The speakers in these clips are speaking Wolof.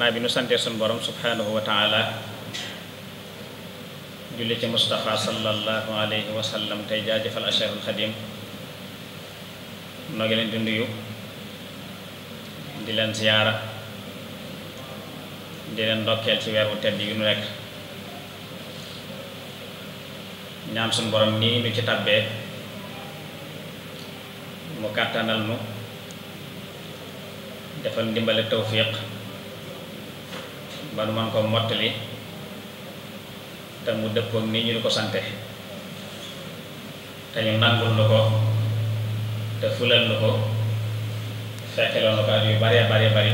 gannaaw bi nu santee suñu borom subhanahu wa taala julli ci Mustafa sallallahu alayhi wa tey jaajëfal Cheikhul Xadim noo ngi leen di nuyu di leen ziyaara di leen ndokkeel ci weer wu tedd yu nu nekk ñaan suñu borom nii nu ci tàbbee mu kàttanal nu defal ndimbale tawfiq ba nu man ko mottali te mu dëppook nii ñu di ko sante te ñu nangul nu ko te fulal nu ko fekkeloo nu ko yu bare bare bari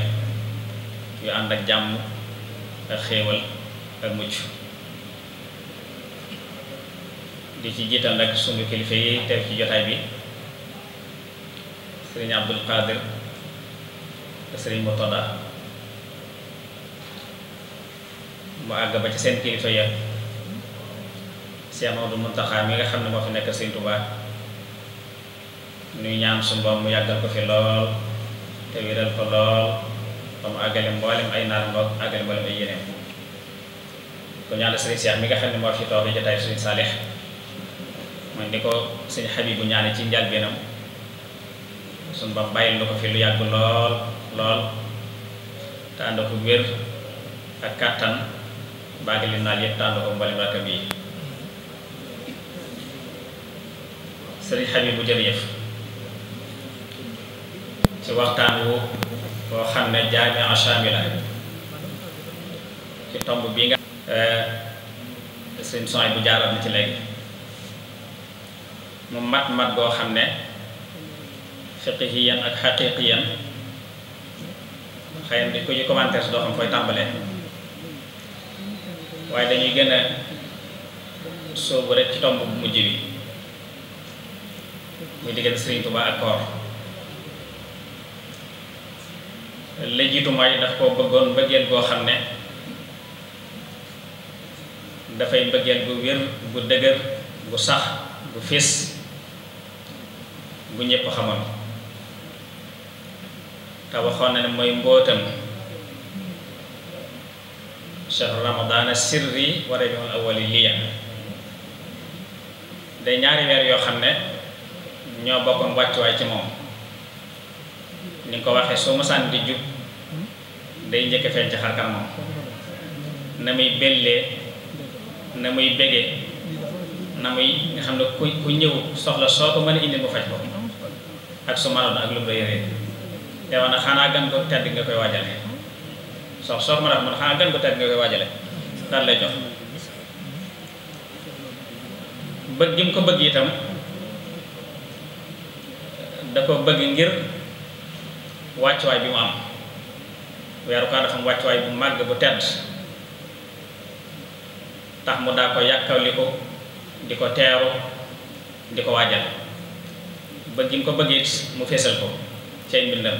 yu ànd ak jàmm ak xéewal ak mucc di ci jiital nag sunu kilifa yi teew ci jotaay bi sëriñ Abdul Qadir sëriñ Murtada mu àgg ba ci seen kilifa ya Cheikh Maodo Muntaxa mi nga xam ne moo fi nekk Sëñ Tuubaa nuy ñaan suñu mu yàggal ko fi lool te wéral ko lool ba mu àggale mboolem ay naan mboog àggale mboolem ay yeneen ko ñaanal Sëriñ Cheikh mi nga xam ne moo fi toog jotaay Sëriñ Saalix mooy ni ko Sëñ Xabibu ñaane ci njëlbeenam suñu Boroom bàyyil ko fi lu yàgg lool lool te ko wér ak kàttan baagale naal yëpp tànn ko mbali maaka bii sëriñ Xabibu jërëjëf ci waxtaan wu boo xam ne jaamia chamila ci tomb bii nga eh, seen sony bu jaaral na ci léegi mu mat mat goo xam ne fiqihiyan ak xaqiqiyan xëy na di ko ci commentaire si doo xam fooy tàmbalee waaye dañuy gën a sóobu rek tomb bu mujj bi muy diggante Sëriñ Tuubaa ak koor la jiitu koo bëggoon mbëggeel boo xam ne dafay mbëggeel gu wér gu dëgër gu sax gu fés gu ñëpp xamoon te waxoon na ne mooy mbootam shahru ramadaan sirri wa rabiul awwal liya day ñaari weer yoo xam ne ñoo bokkoon wàccuwaay ci moom ni ko waxee soo masaan di jub day njëkk feeñ ci xarkan moom na muy bellee na muy bégee na muy nga xam ne ku ku ñëw soxla soo ko mën a indi mu faj ko ak su manoon ak lu mu la yëree te wax xanaa gan ko tedd nga koy waajale sox sox ma ne man xanaa gan ko tedd nga koy waajale daal lay jox bëgg gi mu ko bëgg itam da bëgg ngir wàccuwaay bi mu am weeru kaa dafa am wàccuwaay bu màgg bu tedd tax mu daa ko yàkkali di ko teeru di ko waajal bëgg ji mu ko bëgg it mu feesal ko cay mbindam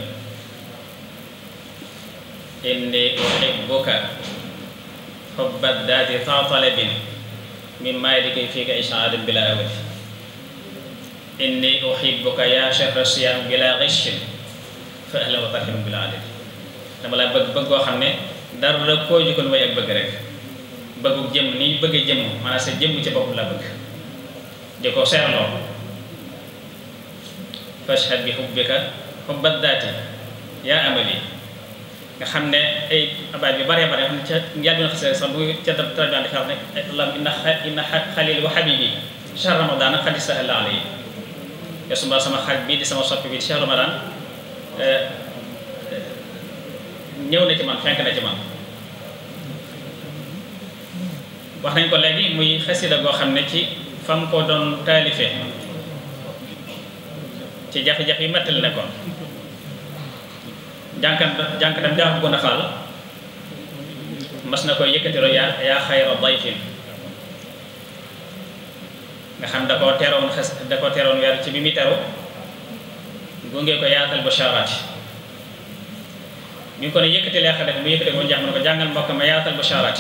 إني أحبك حب الذات طالب من مالك فيك إشعار بلا أول إني أحبك يا شر الصيام بلا غش فأهلا وطرحم بلا عدل dama la bëgg bëgg koo xam ne dara koo jikkoon mooy ak bëgg rek bëggu jëmm ni bëgg jëmm maanaam sa jëmm ci boppam la bëgg di ko seetloo fashhad bi xubbika xubbat daati yaa amali nga xam ne ay abaat yu bëree bëri xam ne ca njàlbi na xasee sax bu ca def tarjaan di wax ne allahum inna inna xalil wa habibi shahr ramadan xad istahalla alayhi yow sumba sama xarit bii di sama soppi bi di shahr ramadan eh, ñëw na ci man fenk na ci man wax nañ ko léegi muy xasida goo xam ne ci fam ko doon taalifee ci jafe-jafe yi mettali ne ko jànkat jànq bi daa ko gën a xaal mas na koy yëkkatiroo yaa teroon ci bi muy teru gunge ko yaatal bashaaraat bi mu ko mu jeex mu ne ma yaatal bashaaraat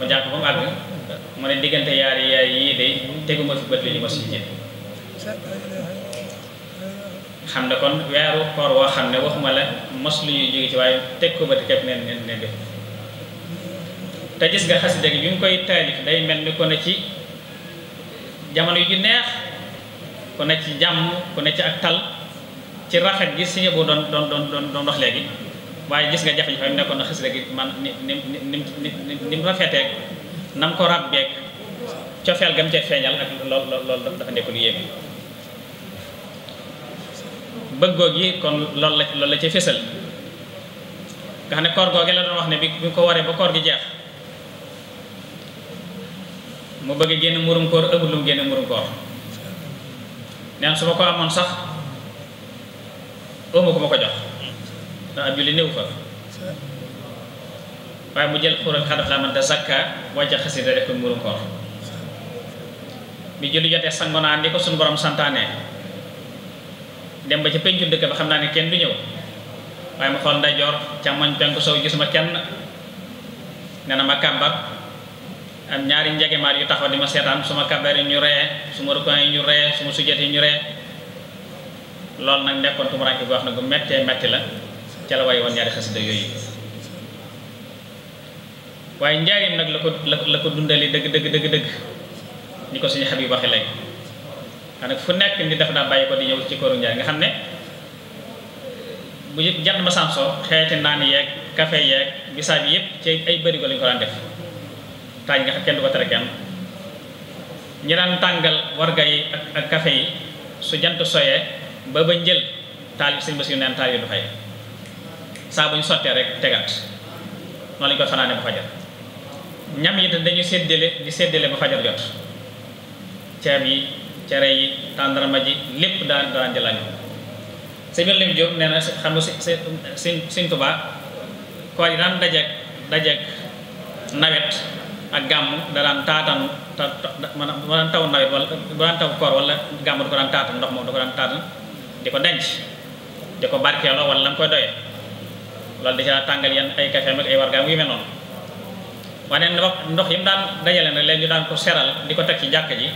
waaw àgg mu ne diggante yaari yaay yii teguma fi bët li ma si xam ne kon weeru koor woo xam ne waxuma la mos lu ñuy jóge ci waaye teg ko ba di képp neen neen neen te gis nga xasida gi bi mu koy taalif day mel ni ku ne ci jamono yu neex ku ne ci jàmm ku ne ci ak tal ci rafet gi si bu doon doon doon doon dox léegi waaye gis nga jafe-jafe mu nekkoon na xasida gi man ni ni ni ni mu rafeteeg na ko ràbbeeg cofeel gam ca feeñal ak lool lool lool dafa nekk lu yéeme góor gi kon loolu la loolu la ci fésal nga xam ne koor googe la doon wax ne bi bi ko waree ba koor gi jeex mu bëgg génn murum koor ëmb lu mu génn murum koor neen su ma ko amoon sax ëmb ko ma ko jox ndax ab julli néew fa waaye mu jël xural xadaf laa man te zakka wàcce xasida def ko murum koor bi julli jotee sango naa ndi ko suñu borom santaane dem ba ca pencu dëkk ba xam naa ne kenn du ñëw waaye ma xool ndeyjoor càmmoñ penku sow gisuma kenn nee na ma kàmbar am ñaari njegemaat yu taxaw di ma seetaan su ma kàmbaree ñu ree su ma yi ñu ree su ma ñu ree loolu nag nekkoon tumuraanke gu wax na gu mettee metti la ca la way woon ñaari xasida yooyu waaye njaarim nag la ko la ko dundali dëgg dëgg dëgg dëgg ni ko suñu xab yi waxe léegi xam ne fu nekk ni dafa daa bàyyi ko di ñëw ci kooru njaay nga xam ne bu jant ma samso xeeti naan yeeg café yeeg bisaab yëpp ci ay bërigo lañu ko daan def taaj nga xam kenn du ko tere kenn ñi daan tàngal warga yi ak ak yi su jant soyee ba ba njël taal bi sëñ ba neen taal du fay saa bu ñu sottee rek tegaat noonu lañu koy fanaane ba fajar ñam yi dañu seddale di séddale ba fajar jot ceeb yi cere yi tàndarma ji lépp daan daan ji lañu sëñ bi lim Jóob nee na xam nga sëñ sëñ Tuubaa koor yi daan dajeek dajeek nawet ak gàmm da daan taatan ta maanaam bu daan taw nawet wala bu daan taw koor wala gàmm du ko daan taatan ndox moom du ko daan taatan di ko denc di ko barkeeloo wala la mu koy doyee loolu da ca tàngal yenn ay kafeem ak ay wargaam yu mel noonu waaye ndox yi mu daan dajale nag léegi daan ko seral di ko teg ci jàkk ji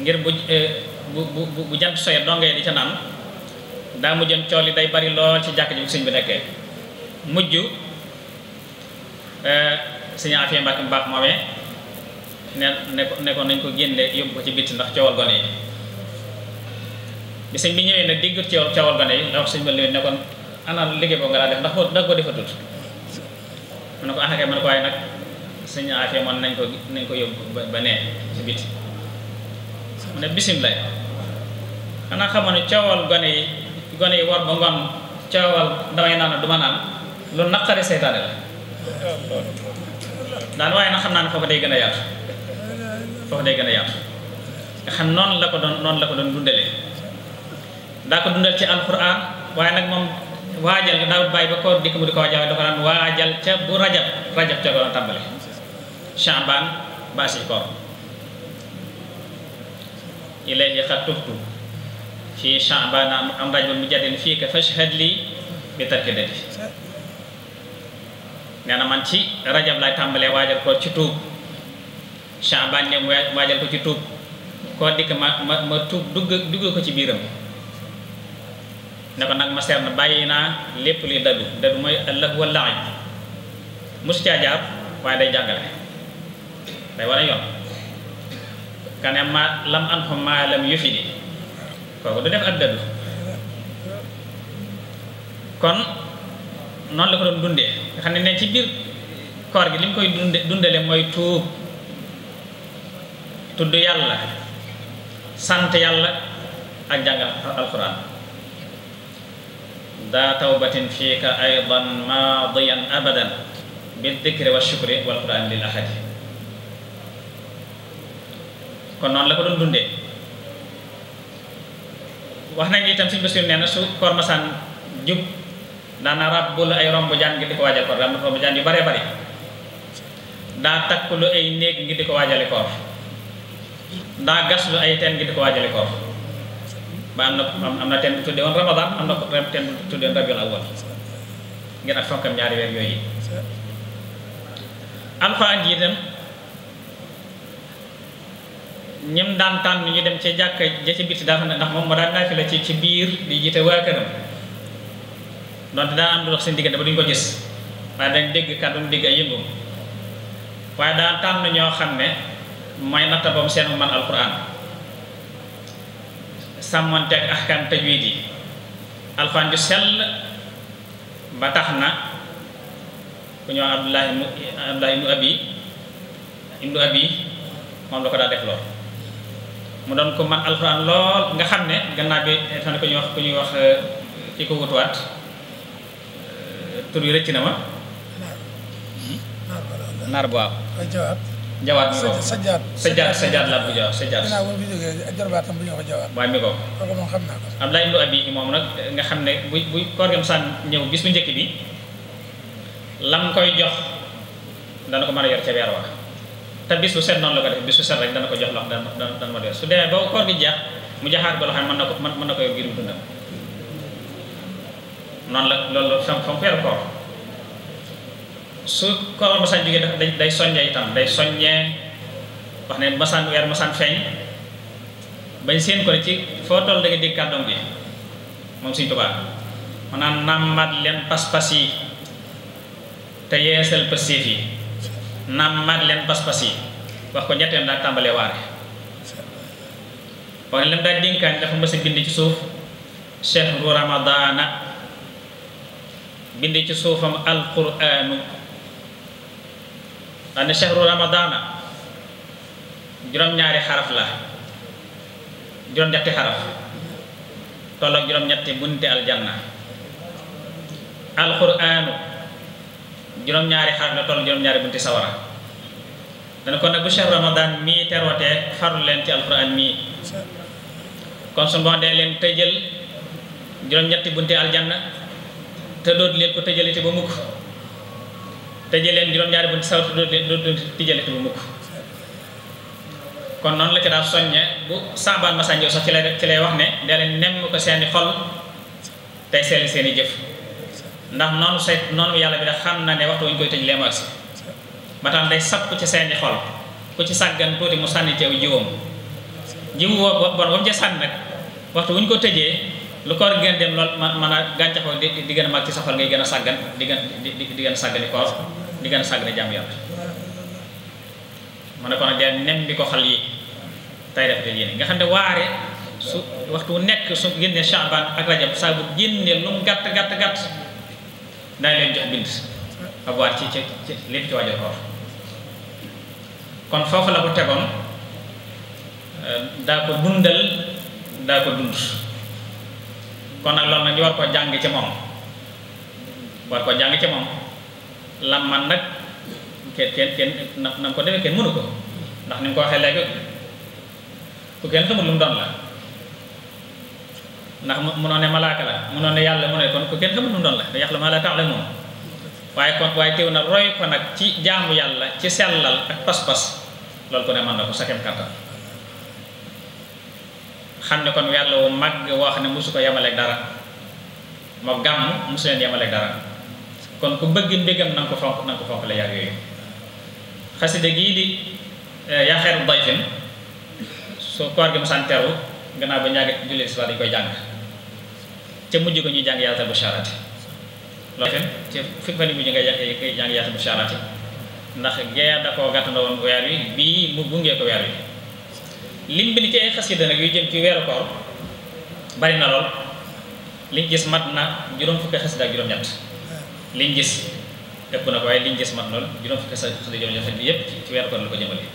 ngir eh, bu bu bu bu jant soye dongee di ca naan daa mujjoon coow li day bari lool ci jàkk ji sëñ bi nekkee mujj eh, sëñ Afia Mbàkke mu baax moomee ne ne nañ ko génne yóbbu ko ci bitti ndax coowal gone yi bi sëñ bi ñëwee nag digg coow coowal gone yi la wax sëñ ba léegi ne kon ana liggéey boobu nga laa def ndax ko ndax ko defatut mu na ko axakee ah, mu ne ko waaye nag sëñ Afia moom nañ ko nañ ko yóbbu ba nee ci bitti mu ne bisimilah xanaa xamoon ne coowal gone yi gone yi war ba ngoon coowal damay naan duma naan lu naqari seytaane la daal waaye na xam naa ne foofu day gën a yaatu foofu day gën a yaatu nga xam noonu la ko doon noonu la ko doon dundalee daa ko dundal ci alquran waaye nag moom waajal daawut bàyyi ba koor dikk mu di ko waajal dafa daan waajal ca bu rajab rajab ca doon tàmbale chambaan baasi koor ilayhi qad tubtu fi sha'bana am rajul mujadin fii ka fashhad lii bi tarki dati nee na man ci rajab lay tàmbalee waajal ko ci tuub sha'ban ne waajal ko ci tuub koo dikk ma ma tuub dugg dugg ko ci biiram ne ko nag ma seer na bàyyi naa lépp luy dadu dadu mooy allah walaay mosu caa jaar waaye day jàngale day war a yoon kane ma lam an maa lam yufidi kooku du def ak kon noonu la ko doon dunde nga ne ne ci biir koor gi li mu koy dunde dunde dundale mooy tuub tudd yàlla sant yàlla ak jàngal alquran daa tawbatin fiika aydan maadiyan abadan bi dikri wa shukri wal quran lil ahadi kon noonu la ko doon dundee wax nañ itam suñu bés yu nee na su koor masaan jub daana ràbbul ay romb jaan ngir di ko waajal koor romb jaan yu baree bari daa takk lu ay néeg ngir di ko waajale koor daa gas lu ay teen ngir di ko waajale koor ba am na am na teen bu tuddee woon ramadan am na teen bu tuddee woon rabiul awwal ngir ak fonkam ñaari weer yooyu alxuraan ji itam ñem daan tànn ñuy dem ca jàkka ja ca biti dafa ne ndax moom moo daan la ci ci biir di jiite waa këram donte daan am du dox seen diggante ba duñ ko gis waaye dañ dégg kàddu ñoo xam ne mooy natta bam seen man alquran sàmmonte ak ahkam tajwid yi alquran ju sell ba tax na ku ñëw Abdullahi ibnu Abdullahi Abi ibnu Abi moom la ko daa def lool mu doon ko man alxuraan lool nga xam ne gannaaw bi dafa ne ko ñuy wax ku ñuy wax euh, ki ko wutuwaat euh, tur yi rëcc na ma. naar bu waaw. jawaat mi ko sajjaat sajjaat laat bu jawaat sajjaat bu ñu jógee mi ko kooku moom xam naa ko moom nag nga xam ne bu bu koor ñëw bis bu njëkk bi lam koy jox dana ko mën a yor ca weer wa te bis bu set noonu la ko def bis bu set rek dana ko jox lox dana dana ma dee su demee ba koor gi jeex mu jaxaat ko loo xam ne mën na ko mën na ko yor ngir dundam noonu la loolu fa fa mu feeru koor su koor masaan jógee daf day soññee itam day soññee wax ne masaan weer masaan feeñ bañ seen ko ci foo toll da nga kàddoom bi moom Sëriñ Tuubaa maanaam nammat leen pas-pas yi te yeesal pastéef yi nàmmaat leen pas-pas yi wax ko ñetteel daal tàmbalee waare wax ne lam daal dénkaan dafa mës a bind ci suuf chehru ramadana bind ci suufam alquranu wax ne chehru ramadana juróom-ñaari xaraf la juróom-ñetti xaraf tolloog juróom-ñetti bunte aljanna alquranu juróom-ñaari xar la toll juróom-ñaari bunti sawara dana kon nag bu cheikh ramadan mii terootee farlu leen ci alquran mii kon su bon dee leen tëjël juróom-ñetti bunti aljanna te dootu leen ko tëjëlati ba mukk tëjël leen juróom-ñaari bunti sawara te dootu leen dootu tëjëlati ba mukk kon noonu la ci daal soññe bu sambaan masanjëw sax ci lay ci lay wax ne dee leen nemm ko seeni xol tey seeli seeni jëf ndax noonu say noonu yàlla bi da xam na ne waxtu wuñ koy tëj leemu agsi ba tax day sàpp ci seeni xol ku ci sàggan tuuti mu sànni ci aw jiwam boobu ba mu ca sànni nag waxtu wuñ ko tëjee lu koor gën dem lool man a gàncax ko di di gën a mag ci sa xol gën a sàggan di gën di gën a sàggani di gën a sàggani jàmm yàlla mu ne ko nag dee nem bi ko xal yi tey def te yéene nga xam ne waare su waxtu nekk su génnee Shaaban ak Rajab saa bu génnee lu mu gàtt gàtt gàtt daañu leen jox bind ab waat ci ci ci lépp ci waajal kon foofu la ko tegoon daa ko dundal daa ko dund kon nag loolu nag war koo jàng ci moom war ko jàng ci moom lam man nag kenn kenn kenn na na ko defee kenn mënu ko ndax ni mu ko waxee léegi ku kenn xamul lu mu doon la ndax munoo ne malaaka la munoo ne yàlla mu ne kon ko kenn xamul nu doon la yàlla maa la taxle moom waaye kon waaye teew na roy ko nag ci jaamu yàlla ci sellal ak pas-pas loolu ko ne mën na ko sa kem kàttan xam ne kon yàlla wu mag woo xam ne mosu ko yemaleeg dara moo gàmm mosu leen yemaleeg dara kon ku bëgg mbégam na nga ko fonk na ko fonk la yar yooyu xasida gii di eh, yaa xeeru dayfin su koor gi mu santeeru gannaaw ba ñaagi julli si dañ koy jàng ca mujj ko ñu jàng yaatal bu sharaati loolu itam ca fukki fan mujj nga yaatal bu sharaati ndax gee da koo na woon weer wi bii mu gungee ko weer wi lim bi ni ci ay xasida nag yu jëm ci weeru koor bari na lool liñ gis mat na juróom fukki xasida ak juróom-ñett liñ gis ëpp na ko waaye liñ gis mat lool juróom fukki xasida ak juróom-ñett bi ci weeru koor la ko jëmale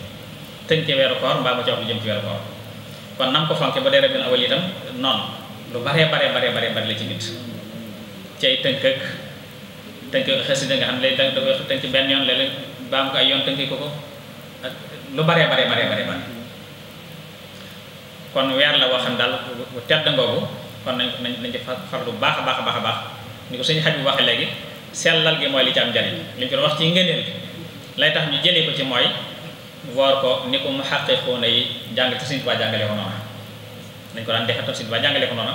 tënke weeru koor mbaa mu ci wax lu jëm ci weeru koor kon nam ko fonke ba dee rabin awal lu baree bare bare bare bare la ci nit ci ay tënk ak tënk ak xasida nga xam ne da nga koy tënk benn yoon léeg-léeg baam ko ay yoon tënk ko ko ak lu baree bare bare bare bare kon weer la waxam daal bu tedd ngoogu kon nañ nañ nañ ci farlu baax a baax a baax a baax ni ko suñu xaj bu waxee léegi sellal gi mooy li ci am njariñ li ñu ko wax ci ngëneel lay tax ñu jëlee ko ci mooy woor ko ni ko mu xàqee xóona yi jàng te suñu tubaab jàngale ko nañ ko daan defe tafsir ba jàngale ko noonu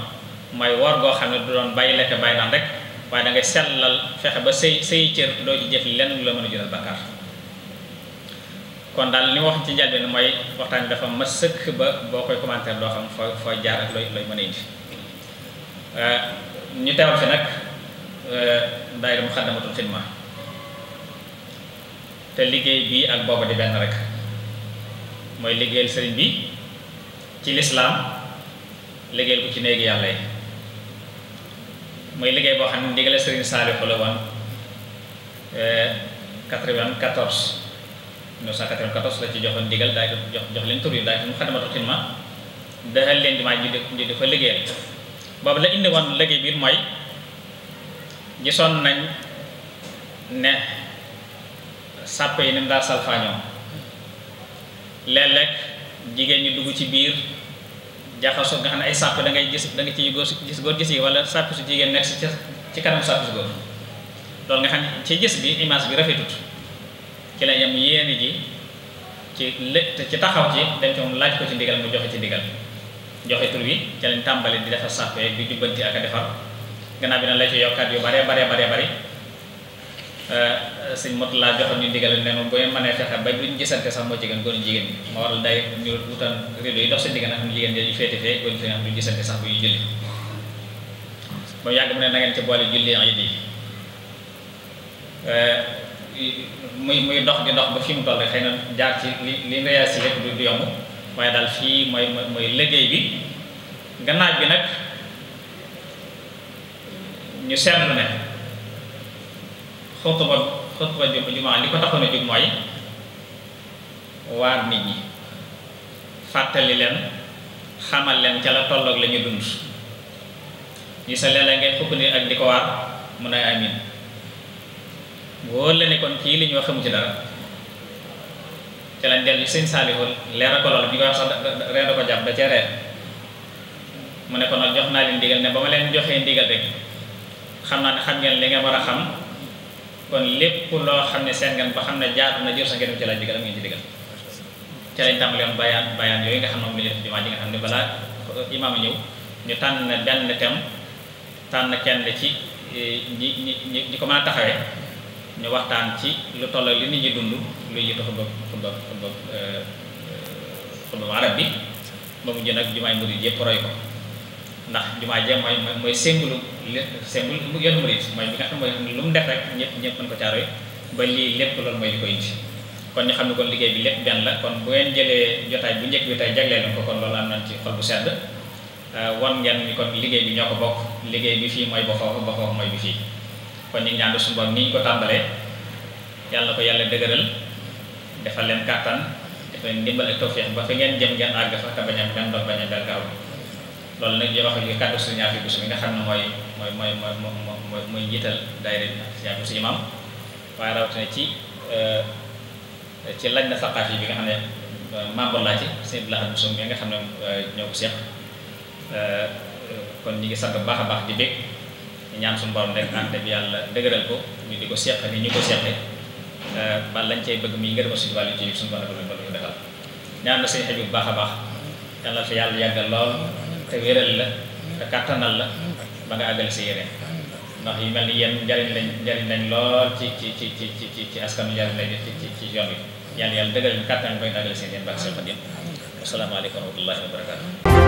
mooy woor goo xam ne du doon bàyyi lekk bàyyi naan rek waaye da ngay sellal fexe ba say say cër doo ci jëf lenn lu la mën a jural bakkaar kon daal li ma wax ci njëlbeen mooy waxtaan dafa ma sëkk ba boo koy commentaire doo xam foo foo jaar ak looy looy mën a indi euh, ñu teewal fi nag euh, daayira Muxaddamatul Xidma te liggéey bii ak booba di benn rek mooy liggéeyal sëriñ bi ci lislaam liggéeyal ko ci néegi yàlla liggéey boo xam ne ndigale Serigne Saliou la woon 94 eh, 1994 la ci joxoon ndigal daay jox jox leen tur yi daay ko leen jumaa ji di di fa liggéeyal boobu la indi woon liggéey biir mooy gisoon nañ ne sàppe yi ni mu daal salfaañoo léeg-léeg jigéen ñi dugg ci biir jaxasoo nga xam ne ay sàpp da ngay gis da nga ciy góor gis góor gis yi wala sàpp su jigéen nekk ci ci kanam sàpp su góor loolu nga xam ne ci gis bi image bi rafetut ci la yem yéene ji ci lé ci taxaw ci dem ci moom laaj ko ci ndigal mu joxe ci ndigal joxe tur wi ci lañ tàmbali di defar sàpp bi jubbanti ak a defar gannaaw bi na la ci yokkaat yu bare bare bare bari Eh, sëñ mot laa joxoon ñu digale ne ma bu ngeen mënee fexe ba duñ gisante sax moo ci gën góor jigéen ñi ma a day ñu wutan rido yi dox seen diggante xam jigéen ñi féete fee góor fi nga xam duñ bu yàgg mu ne na ci boole julli yi eh, muy muy dox di dox ba fi mu toll xëy na jaar ci li li réasi yëpp du du yomb waaye daal fii mooy mooy liggéey bi gannaaw bi nag ñu seetlu ne xutba xutba jumaa li ko taxoon a jóg mooy waar nit ñi fàttali leen xamal leen ca la tolloog lañuy dund ñu sa léeg-léeg ngay xukk ni ak di ko waar mun a amin wóor la ne kon kii li ñu wax xamu ci dara ca lañ dellu sëñ Saalihu leera ko lool bi ñu ko wax sax reer da ko jàpp da cee reer mu ne ko nag jox naa leen ndigal ne ba ma leen joxee ndigal rek xam naa ne xam ngeen li ngeen war a xam kon lépp loo xam ne seen ngeen ba xam ne jaatu na jur sax ngeen ci laaj bi gërëm ngeen ci digal ci lañ tàmbali woon bayaan bayaan yooyu nga xam ne moom lañ jumaa ji ñu tànn benn tem tànn kenn ci eh, ñi ñi ñi ko mën a taxawee ñu waxtaan ci lu tolloo li nit ñi dund lu yitu xutba xutba xutba xutba arab bi ba mu jën ak jumaay murid yëpp roy ko ndax jumaa jee mooy mooy symbole symbole yoonu murid mooy bi nga xam ne lu mu def rek ñëpp ñëpp mën ko caaroy ba lii lépp loolu mooy li koy indi kon ñu xam ne ko liggéey bi lépp benn la kon bu ngeen jëlee jotaay bu njëkk bi tey jagleel nañ ko kon loolu am na ci xol bu sedd euh, wan ngeen ni kon liggéey bi ñoo ko bokk liggéey bi fii mooy ba foofu ba foofu mooy bi fii kon ñu ngi ñaan suñu borom ni ñu ko tàmbalee yàlla ko yàlla dëgëral defal leen kàttan defal leen ndimbal ak tawfeex ba fi ngeen jëm ngeen àgg fa te bañ a ngeen doon bañ a delgaaw loolu nag ñuy wax ak kàddu si ñaar fi mi nga xam ne mooy mooy mooy mooy mooy njiital daayira bi ñaar si imam waaye rawatina ci euh, ci laaj na saqaaf yi bi nga xam ne euh, membre laa ci sëñ Bilha Moussa nga xam ne euh, ñoo ko seq kon ñu ngi sant bu baax a baax di bég ñaan suñu borom rek ànd bi yàlla dëgëral ko ñu di ko seq ni ñu ko seqee ba lañ cay bëgg muy ngër ko suñu ci suñu borom rek ko defal ñaan baax a baax yàlla fi yàlla yàggal lool. te wéral la te kàttanal la ba nga àggal si yére ndax yi mel ni yéen njariñ lañ njariñ lañ lool ci ci ci ci ci ci askanu njariñ lañ ci ci ci yoon bi yàlla yàlla dëggal ñu kàttan ba ñu àggal seen yéen barke Seex Xaadim asalaamaaleykum wa rahmatullahi wa barakatu